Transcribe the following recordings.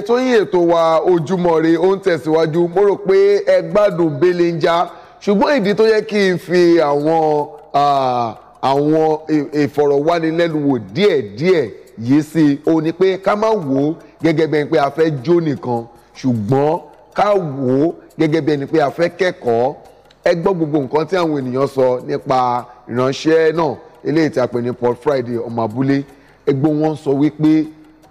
ètò yín ètò wa ojúmọ́ re ó ń tẹ̀síwájú mo rò pé ẹ gbádùn belenja ṣùgbọ́n ìdí tó yẹ kí n fi àwọn àwọn ìfọ̀rọ̀wánilẹ́nuwò díẹ̀díẹ̀ yìí sí i ó ní pé ká má wò ó gẹ́gẹ́ bẹ́ẹ̀ ni pé a fẹ́ jó nìkan ṣùgbọ́n ká wò ó gẹ́gẹ́ bẹ́ẹ̀ ni pé a fẹ́ kẹ́kọ̀ọ́ ẹ gbọ́ gbogbo nǹkan tí àwọn ènìyàn sọ nípa ìránṣẹ́ náà eléyìí tí a pè ní Paul Friday ọmọ abúlé ẹgbẹ́ wọn sọ wípé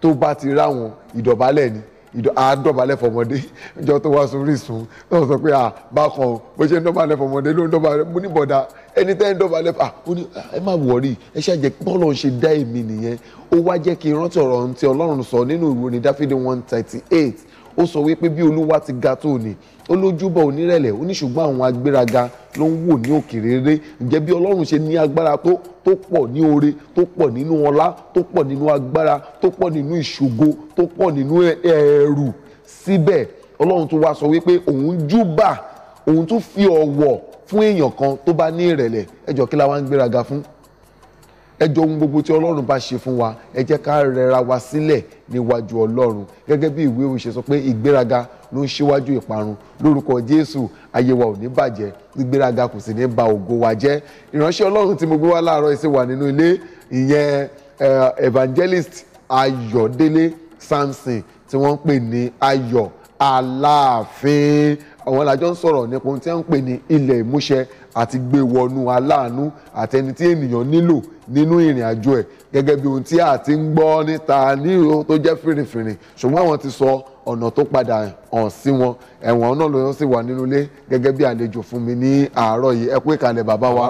tó bá ti rá wọn ìdọ̀bálẹ̀ ni àádọ́balẹ̀ fọmọdé ìjọ tó wá sórí ìsun náà sọ pé bákan bó ṣe ń dọ̀bálẹ̀ fọmọdé ló ń dọ̀bálẹ̀ mo ní bọ̀dà ẹni tẹ́ ń dọ̀bálẹ̀ fà ó ní ẹ má wọ̀rí ẹ ṣáà jẹ́ pọ́n lọ́n ṣe dá èmi nìyẹn ó wá jẹ́ kí n rántí ọ̀rọ̀ tí Ọlọ́run sọ nínú ìwúrin Dáfídì one thirty eight ó sọ wípé bí olúwa ti ga tó ni olójúbọ onírẹ̀lẹ̀ oníṣùgbọ́n àwọn agbéraga ló ń wò ní òkèrèrè ǹjẹ́ bí ọlọ́run ṣe ní agbára tó tó pọ̀ ní oore tó pọ̀ nínú ọlá tó pọ̀ nínú agbára tó pọ̀ nínú ìṣògo tó pọ̀ nínú ẹ̀rù síbẹ̀ ọlọ́run tó wá sọ wípé òun júbà òun tún fi ọ̀wọ̀ fún èèyàn kan tó bá ní ìrẹ̀lẹ̀ ẹjọ́ kí la wá ń gbéraga fún ẹ jọ ohun gbogbo tí ọlọ́run bá ṣe fún wa ẹ jẹ́ ká rẹra wa sílẹ̀ níwájú ọlọ́run gẹ́gẹ́ bí ìwé òṣè sọ pé ìgbéraga ló ń ṣíwájú ìparun lórúkọ jésù ayé wa bàjẹ́ ìgbéraga kò sì ní ba ògo wa jẹ́ ìránṣẹ́ ọlọ́run tí mo gbé wá láàárọ̀ ẹ̀sìn wà nínú ilé ìyẹn evangelist ayọ̀délé samson tí wọ́n ń pè ní ayọ̀ aláàfin àwọn alájọ ń sọ̀rọ̀ nípa ohun tí wọ́n ń pè ní ilẹ̀ ìmúṣẹ àti gbé aláàánú àtẹni tí ènìyàn nílò nínú ìrìn àjò ẹ̀ gẹ́gẹ́ bí ohun tí a ti ń gbọ́ níta ní ìró tó jẹ́ fìrìfìrì ṣùgbọ́n àwọn ti sọ ọ̀nà tó padà hàn sí wọn ẹ̀wọ̀n náà ló sì wà nínú ilé gẹ́gẹ́ bí àlejò fún mi ní àárọ̀ yìí ẹ kú ìkàlẹ̀ bàbá wa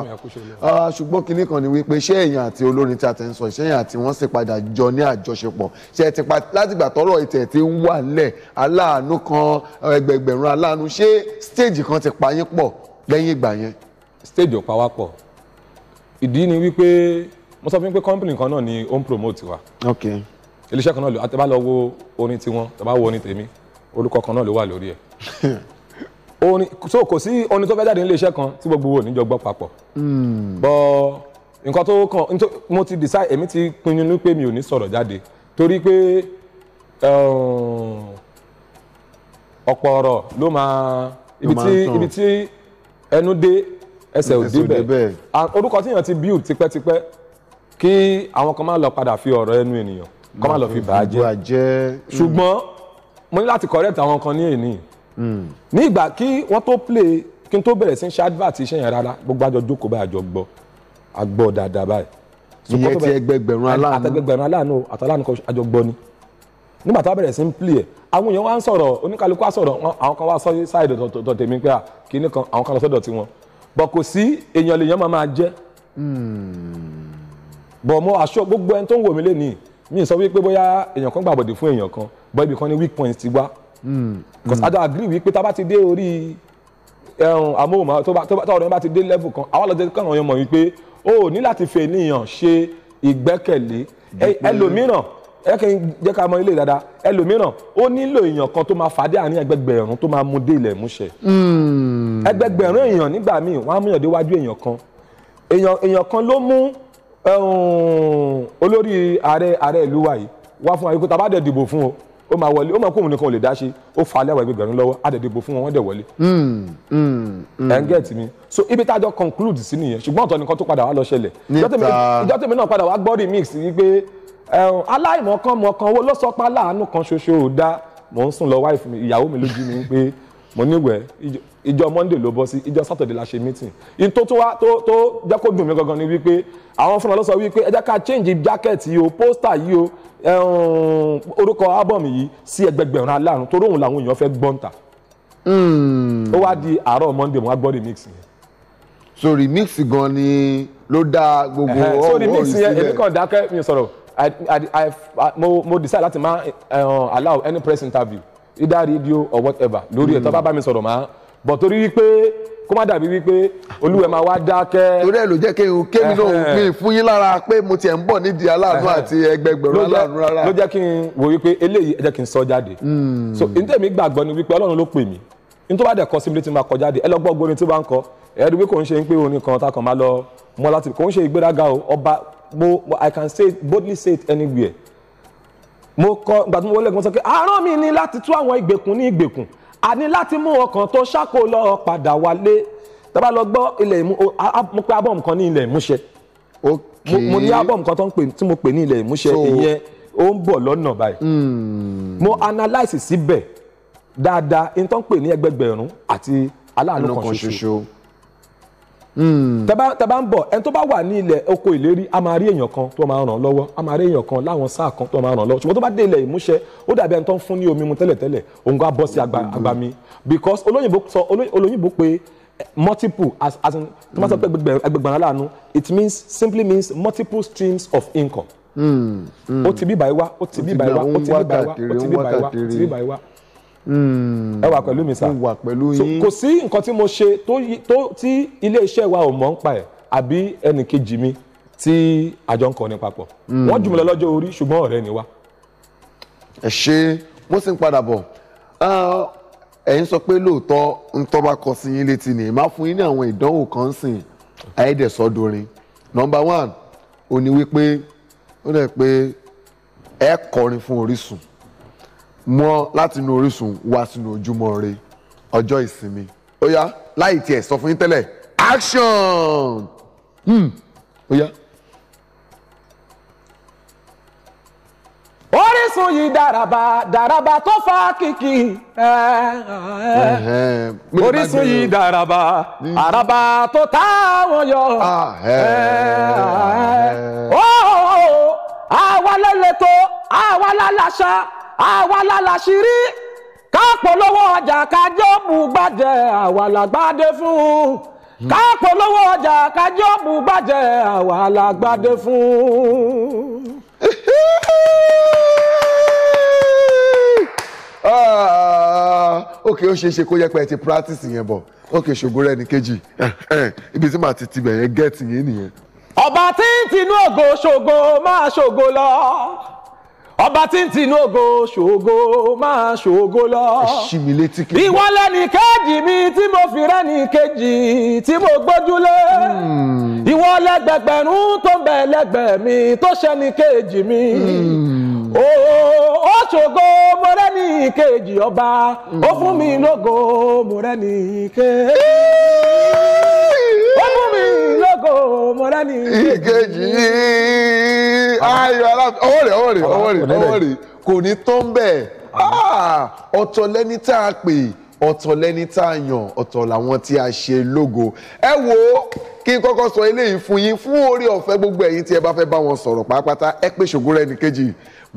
ah, ṣùgbọ́n kinní kan ni wípé ṣé èèyàn àti olórin tí a ti ń sọ ṣé èèyàn àti wọ́n sì padà jọ ní àjọṣepọ̀ ṣé ẹ ti pa látìgbà tọ́rọ̀ ìtẹ̀ ti ń wà nílẹ̀ aláàánú kan ẹgbẹ̀gbẹ̀rún aláàánú ṣé stage kan ti pa yín pọ̀ lẹ́yìn ìgbà yẹn. stage ò pa wá pọ̀ ìdí ni wípé mo sọ fún yín pé company kan náà ni ó ń promote wa iléeṣẹ́ kan náà lò àtẹ́bá lọ wo orin tiwọn tẹ́bá wo orin tèmi orúkọ kan náà ló wà lórí ẹ̀ orin so kò sí orin tó fẹ́ jáde nílé iṣẹ́ kan tí gbogbo wo níjọ gbọ́ papọ̀ hmm. bọ́ nǹkan tó kàn mo ti decide èmi ti pinnu pé mi ò ní sọ̀rọ̀ jáde torí pé eh, ọ̀pọ̀ ọ̀rọ̀ ló máa ibi tí ẹnu dé ẹsẹ̀ òdì bẹ́ẹ̀ orúkọ tíyàn ti build tipẹ́tipẹ́ kí àwọn kan máa lọ padà fi ọ̀rọ̀ ẹnu ènìyàn kan máa lọ fi bàá jẹ́ mm. ṣùgbọ́n mo ní láti correct àwọn kan ní èní mm. ní ìgbà kí wọ́n tó play kí n tó bẹ̀rẹ̀ sí ṣe advert iṣẹ́ yẹn rárá gbogbo àjọ jókòó báyìí àjọ gbọ́ àgbọ̀ dáadáa báyìí. ìyẹn ti ẹgbẹgbẹ̀rún aláàánú àtẹgbẹgbẹ̀rún aláàánú àtàláàánú kan àjọ gbọ́ ni nígbà tá a bẹ̀rẹ̀ sí ń play ẹ̀ àwọn èèyàn wá ń sọ̀rọ̀ oníkálukú á sọ̀rọ̀ àwọn kan wá sọ sáìdì tọ̀tọ̀ tèmi pé à kíní kan àwọn kan lọ sọ́dọ̀ tiwọn bọ̀ kò sí èèyàn lèèyàn máa máa jẹ́ bọ̀ mo aṣọ gbogbo ẹni tó ń wò mí lénìí mi sọ wípé bóyá èèyàn kan gbàbọ̀dé fún èèyàn kan bọ́ ibì kan ní weak points ti wá because I don't agree wípé tá a bá ti dé orí amóhùnmáwò tó ọ̀rọ̀ yẹn bá ti dé level kan àwọn ọlọ́dẹ kan àwọn yẹn mọ̀ wípé o ní láti fẹ́ ènìyàn ṣe ìgbẹ́kẹ̀lé ẹlòmíràn ẹ kẹ́ ń jẹ́ ká mọ ilé dáadáa ẹlòmíràn ó nílò èèyàn kan tó máa fàdé àárín ẹgbẹgbẹ̀rún tó máa mú dé ilẹ̀ ìmúṣẹ. Hmm. ẹgbẹgbẹ̀rún èèyàn nígbà míì wọ́n á mú èèyàn déwájú èèyàn kan èèyàn kan ló mú olórí ààrẹ ààrẹ ìlú wa yìí wá fún wa yìí kó tá a bá dẹ̀ dìbò fún o ó máa wọlé ó máa kóhun nìkan ò lè dá ṣe ó fa alẹ́ àwọn ẹgbẹgbẹ̀rún lọ́wọ́ á dẹ̀ dìbò fún wọn wọ́n dẹ̀ wọlé. Hmm. Hmm. ẹ̀ ń gẹ̀ẹ́tì mi so ibi tá a aláìmọ̀kan mọ̀kan owó ló sọ pé aláàánú kan ṣoṣo ò dá mò ń sùn lọ wáyé fún mi ìyàwó mi lójú mi pé mo níwẹ̀ ìjọ monday ló bọ́ sí ìjọ saturday la ṣe meeting in tó tó wá tó tó jẹ́ kó dùn mí gangan ni wípé àwọn fúnra ló sọ wípé ẹ jẹ́ ká change jacket yìí o poster yìí o orúkọ album yìí sí ẹgbẹgbẹ̀rún aláàánú torí òun làwọn èèyàn fẹ́ gbọ́ǹta hmm. ó wá di àárọ̀ monday mo wá gbọ́ remix yẹn. so remix gan ni ló dá gbogbo ọ̀rọ̀ ìsílẹ̀ so remix yẹn èmi kàn dákẹ́ mi sọ̀rọ̀ I, I, I, I, mo, mo decide láti má uh, allow any press interview either radio or whatever lórí ẹ̀ tó bá bá mi sọ̀rọ̀ máa bọ̀ torí wípé kó má dàbí wípé olúwẹ̀ máa wá dákẹ́. torí ẹ ló jẹ́ kí n kémi náà eh. mi fún yín lára pé mo tiẹ̀ ń bọ̀ nídìí aláàánú àti ẹgbẹgbẹ̀rún aláàánú rárá. ló jẹ́ kí n wò wípé eléyìí jẹ́ kí n sọ jáde. Hmm. so n tẹ̀mí gbàgbọ́ ni wípé ọlọ́run ló pè mí n tó bá dẹ̀ kọ sí mi létí máa kọ jáde ẹ lọ gbọ́ orin tí wọ́n bá ń kọ ẹ̀ẹ́dùn pé kò ń ṣe ń pé orin kan tá kan máa lọ mọ́ láti kò ń ṣe ìgbéraga o ọba mo i can say boldly say it anywhere mo kọ gbàtí mo wọlé kan sọ pé àárọ̀ mi ni láti tú àwọn ìgbèkùn ní ìgbèkùn àní láti mú ọkàn tó ṣáko lọ padà wálé tábà lọ gbọ́ ilẹ̀ mo pe album kan ní ilẹ̀ ìmúṣẹ mo ní album kan tí mo pè ní ilẹ̀ ìmúṣẹ ìyẹn ó ń bọ̀ lọ́nà báyìí hmm. mo analyse síbẹ̀ dáadáa in tó ń pè ní ẹgbẹgbẹ̀rún àti aláàánú kan ṣoṣo Hmm. tẹ́bá ń bọ̀ ẹni tó bá wà ní ilẹ̀ oko ìlérí a máa rí èèyàn kan tó máa ràn lọ́wọ́ a máa rí èèyàn kan láwọn sáà kan tó máa ràn lọ́wọ́ ṣùgbọ́n tó bá dé ilẹ̀ ìmúṣẹ ó dàbí ẹni tó ń fún ní omi mu tẹ́lẹ̀tẹ́lẹ̀ òun kò bọ́ sí agbami because olóyìnbó sọ olóyìnbó pé multiple as as in tó máa sọ pé ẹgbẹgbẹ̀rún aláàánú it means simply means multiple streams of income hmm. Hmm. ó ti bí báyìí wá ó ti bí báyìí wá ó ti bí báyìí wá ó ti bí báyìí wá ó ti bí báyìí wá Hmm. ẹ wà pẹ̀lú mi sá wà pẹ̀lú yín kò sí nǹkan tí mo ṣe tó tí ilé iṣẹ́ wa ò mọ̀ ń pa ẹ̀ àbí ẹnì kejì mi tí àjọ ń kọrin papọ̀ hmm. wọ́n jùmọ̀ lọ lọ́jọ́ orí ṣùgbọ́n ọ̀rẹ́ ni wá. ẹ ṣe wọ́n sì ń padà bọ̀ ah, ẹ̀ ń sọ pé lóòótọ́ ń tọ́ bá kọ sí yín létí ni máa fún yín ní àwọn ìdánwò kan sìn ayédèsọ́dọ̀rin nọmba one ó ní wípé ó dẹ̀ pé ẹ kọrin fún Orísun mọ́ láti inú Orísun wá sínú ojúmọ́ ire ọjọ́ ìsinmi ó yá láì tiẹ̀ sọ fún yín tẹ́lẹ̀ action hmm. ó yá. Orísun yìí dàràbà dàràbà tó fa kìkì Orísun yìí dàràbà hmm. àràbà tó táwọn yọ àwa lẹ́lẹ̀ tó àwa láláṣà àwa lálàṣírí káàpolówó ọjà kájọ́bù gbàjẹ́ àwa làgbàdé fún káàpolówó ọjà kájọ́bù gbàjẹ́ àwa làgbàdé fún. Ah, ok ó ṣeé ṣe kó yẹ pé ẹ ti practice yẹn bọ̀ ok ṣògo rẹ ní kejì ibi tí màá ti tibẹ̀ yẹn gẹ́ẹ̀tì yẹn nìyẹn. ọba tí ń tinú ògo ṣògo máa ṣògo lọ ọba tí ń tinú ògo ṣògo máa ṣògo lọ. ṣì mí létí kí. ìwọ lẹ́ni kejì mi tí mo fi rẹ́ni kejì tí mo gbójúlé. Hmm. ìwọ lẹ́gbẹ̀gbẹ̀rún tó ń bẹ lẹ́gbẹ̀ẹ́ mi tó ṣẹ́ni kejì mi. Hmm. ó ṣògo mo rẹ́ni kejì ọba ó fún mi hmm. lógo mo rẹ́ni kejì. ó fún mi lógo mo rẹ́ni kejì ayọ̀ aláàfin ọwọ́ rẹ̀ ọwọ́ rẹ̀ ọwọ́ rẹ̀ ọwọ́ rẹ̀ kò ní tán bẹ́ẹ̀ ah! ọ̀tọ̀ lẹ́ni tá a pè ọ̀tọ̀ lẹ́ni tá a yàn ọ̀tọ̀ làwọn tí a ṣe lógo ẹ wo kí n kọ́kọ́ sọ eléyìí fún yín fún orí ọ̀fẹ́ gbogbo ẹ̀yin tí ẹ bá fẹ́ bá wọn sọ̀rọ̀ pàápàá ẹ pé Ṣògorẹ́ni kejì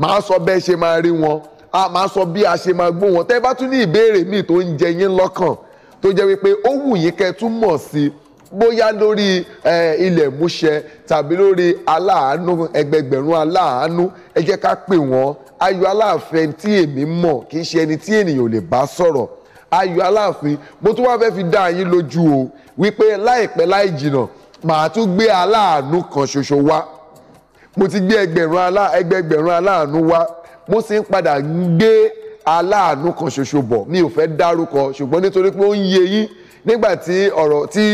màá sọ bẹ́ẹ̀ ṣe máa rí wọn a máa sọ bí a ṣe máa gbọ́ wọn tẹ́ bá tún ní ìbéèrè míì tó ń jẹ yín lọ́kàn tó jẹ́ wípé ó wù yín kẹ́ tún mọ̀ sí i bóyá lórí ilẹ̀ múṣẹ tàbí lórí aláàánú ẹgbẹgbẹ̀rún aláàánú ẹ jẹ́ ká pè wọ́n ayọ̀ aláàfin tí èmi mọ̀ kì í ṣe ẹni tí ènìyàn ò lè bá sọ̀rọ̀ ayọ̀ aláàfin mo tún wá fẹ́ fi dá yín lójú o wípé láìpẹ́ láì jìnà màá tún gbé aláàánú kan ṣoṣo wá mo ti gbé ẹgbẹ̀rún alá ẹgbẹgbẹ̀rún aláàánú wá mo sì ń padà gbé aláàánú kan ṣoṣo bọ̀ mi ò fẹ́ dárúkọ ṣùgbọ́n nítorí pé ó ń yé yín nígbà tí ọ̀rọ̀ tí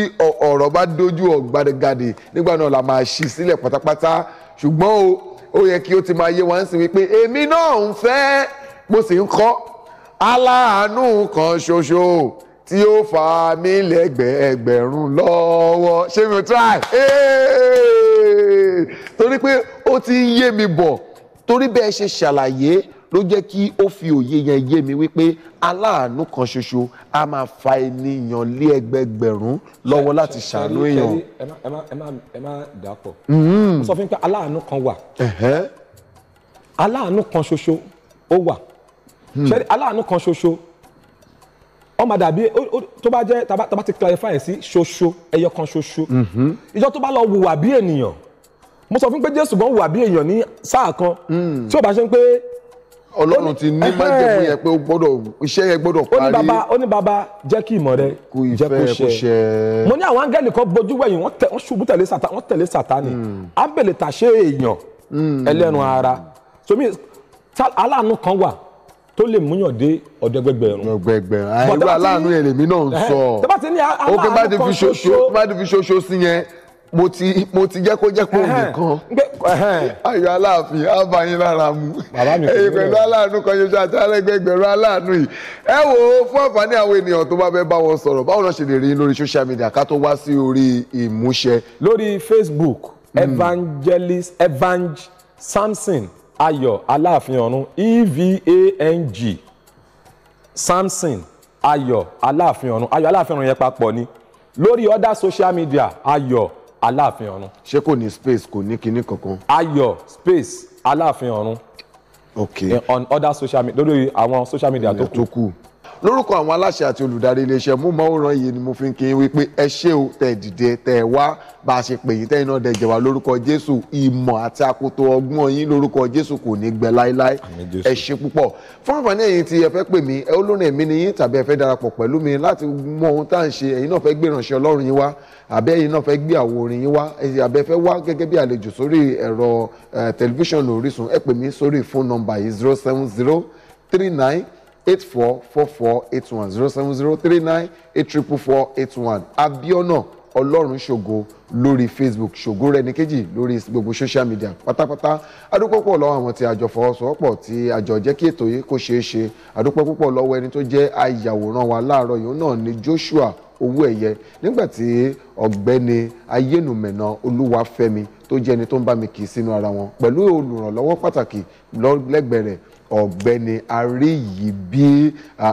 ọ̀rọ̀ bá dojú ọ̀gbadegadè nígbà náà la máa ṣí sílẹ̀ pátápátá ṣùgbọ́n o ó yẹ kí o ti máa yé wa ń sìn wípé èmi náà ń fẹ́ mo sì ń kọ́ aláàánú kan ṣoṣo tí ó fà mí lẹ́gbẹ̀ẹ́ ẹgbẹ̀rún lọ́wọ́ ṣé mi ò try torí pé ó ti ń yé mi bọ̀ torí bẹ́ẹ̀ ṣe ṣàlàyé ló jẹ́ kí ó fi òye yẹn yé mi wípé aláàánú kan ṣoṣo a máa fa ènìyàn lé ẹgbẹgbẹ̀rún lọ́wọ́ láti ṣàánú èèyàn. ẹ má dàpọ̀ hmm. mo sọ fún yín pé aláàánú kan wà aláàánú kan ṣoṣo ó wà hmm. ṣẹ́ni aláàánú kan ṣoṣo wọ́n máa dàbí tó bá jẹ́ tá bá ti clarify sí ṣoṣo ẹyọ kan ṣoṣo mm-hmm. ìjọ tó bá lọ wùwà bí ènìyàn mo sọ fún pé Jésù gan wùwà bí èèyàn ní sáà kan hmm. tí ó bá ṣe ń pé ọlọ́run ti ní májẹ̀mú yẹn pé ó gbọ́dọ̀ iṣẹ́ yẹn gbọ́dọ̀ parí. ó ní bàbá ó ní bàbá jẹ́ kí ìmọ̀ rẹ jẹ́ kó ṣẹ. mo ní àwọn áńgẹ́lì kan bojú wẹ̀yìn wọ́n tẹ̀ wọ́n ṣubú tẹ̀lé sàtá wọ́n tẹ̀lé sàtá ni hmm. ábèlè tàṣé èèyàn hmm. ẹlẹ́nu ara somi aláàánú kan wà tó lè múyàn dé ọ̀dọ̀ ẹgbẹgbẹ̀rún. ẹgbẹgbẹ̀rún àìrú aláàánú yẹn lèmi náà ń sọ. ó kí bá ti fi ṣoṣo sí yẹn mo ti mo ti jẹ́ kó jẹ́ kó nìkan ayọ̀ aláàfin á lára mu ẹ̀yin pẹ̀lú aláàánú kan ṣoṣo àti alẹ́gbẹ̀gbẹ̀rún aláàánú yìí ẹ wò ó fún àǹfààní àwọn ènìyàn tó bá fẹ́ bá wọn sọ̀rọ̀ báwo náà ṣe lè rí lórí social media ká tó wá sí orí ìmúṣẹ. lórí Facebook hmm. evangelist evang Samson ayọ̀ aláàfin ọ̀run evang Samson ayọ̀ aláàfin ọ̀run ayọ̀ aláàfin ọ̀run yẹn papọ̀ ni lórí other social media ayọ̀ aláàfin ọ̀run. ṣé kò ní space kò ní kinní kankan. ayọ̀ space aláàfin ọ̀run. ok eh, on other social media lórí àwọn social media tó kù lórúkọ àwọn aláṣẹ àti olùdarí iléeṣẹ́ mú mọ́wòrán yìí ni mo fi ń kí n wípé ẹ ṣé o tẹ̀ dìde tẹ̀ wá bá a ṣe pè yín tẹ́yìn náà dẹ̀ jẹ̀wá lórúkọ jésù ìmọ̀ àti akoto ọgbọ́n yín lórúkọ jésù kò ní gbẹ láéláé ẹ ṣé púpọ̀ fún àǹfààní ẹ̀yin tí ẹ fẹ́ pè mí ẹ olórin èmi ni yín tàbí ẹ fẹ́ darapọ̀ pẹ̀lú mi láti mọ ohun tá à ń ṣe ẹ̀yin náà fẹ́ gbé ìránṣẹ́ ọlọ́run yín wá àbí ẹ̀yin náà fẹ́ gbé àwo orin yín wá àbí ẹ fẹ́ wá gẹ́gẹ́ bí àlejò sórí ẹ̀rọ tẹlifíṣàn Orísun ẹ pè mí sórí fóònù nọ́mbà yìí zero seven zero three nine eight four four four eight one zero seven zero three nine eight triple four eight one abiona ọlọ́run ṣògo lórí facebook ṣògo rẹ̀ nìkejì lórí gbogbo social media pátápátá adúpẹ́ púpọ̀ lọ́wọ́ àwọn tí àjọ fọwọ́sowọ́pọ̀ tí àjọ jẹ́ kí ètò yìí kó ṣeé ṣe adúpẹ́ púpọ̀ lọ́wọ́ ẹni tó jẹ́ ayàwòrán wa láàárọ̀ yìí náà ni joshua owó ẹ̀yẹ nígbàtí ọ̀gbẹ́ni ayélujára olúwafẹ́mi tó jẹ́ ẹni tó ń bá mi kì í sínú ara wọn pẹ̀lú olùrànlọ́wọ́ pàtàkì lẹ́gbẹ̀ẹ́ rẹ̀ ọ̀gbẹ́ni Aríyìbí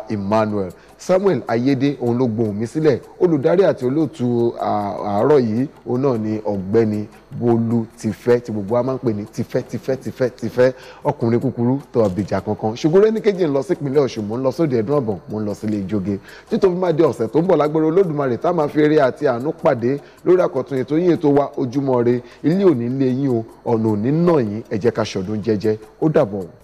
Emmanuel Samuel Ayédè òun ló gbohùn mi sílẹ̀ olùdarí àti olóòtú àárọ̀ yìí òun náà ni ọ̀gbẹ́ni Bólú Tifẹ́ tí gbogbo wa máa ń pè ní Tifẹ́ Tifẹ́ Tifẹ́ Tifẹ́ ọkùnrin kúkúrú tó ọ̀bìjà kankan ṣùgbọ́n rẹ́ni kejì ń lọ sí ìpínlẹ̀ Ọ̀ṣun mò ń lọ sóde ẹ̀dùn ọ̀bọ̀n mò ń lọ sílé ìjóge títóbi máa di ọ̀sẹ̀ tó ń bọ̀ lágbára Olódùmarè tá máa fi eré àti àánú pàdé lórí àkọ́tún ètò yín ètò wa Ojúmọ́ Ire ilé òní lé yín o ọ̀nà òní náà yín ẹ ká ṣọdún jẹ́jẹ́ ó dàbọ̀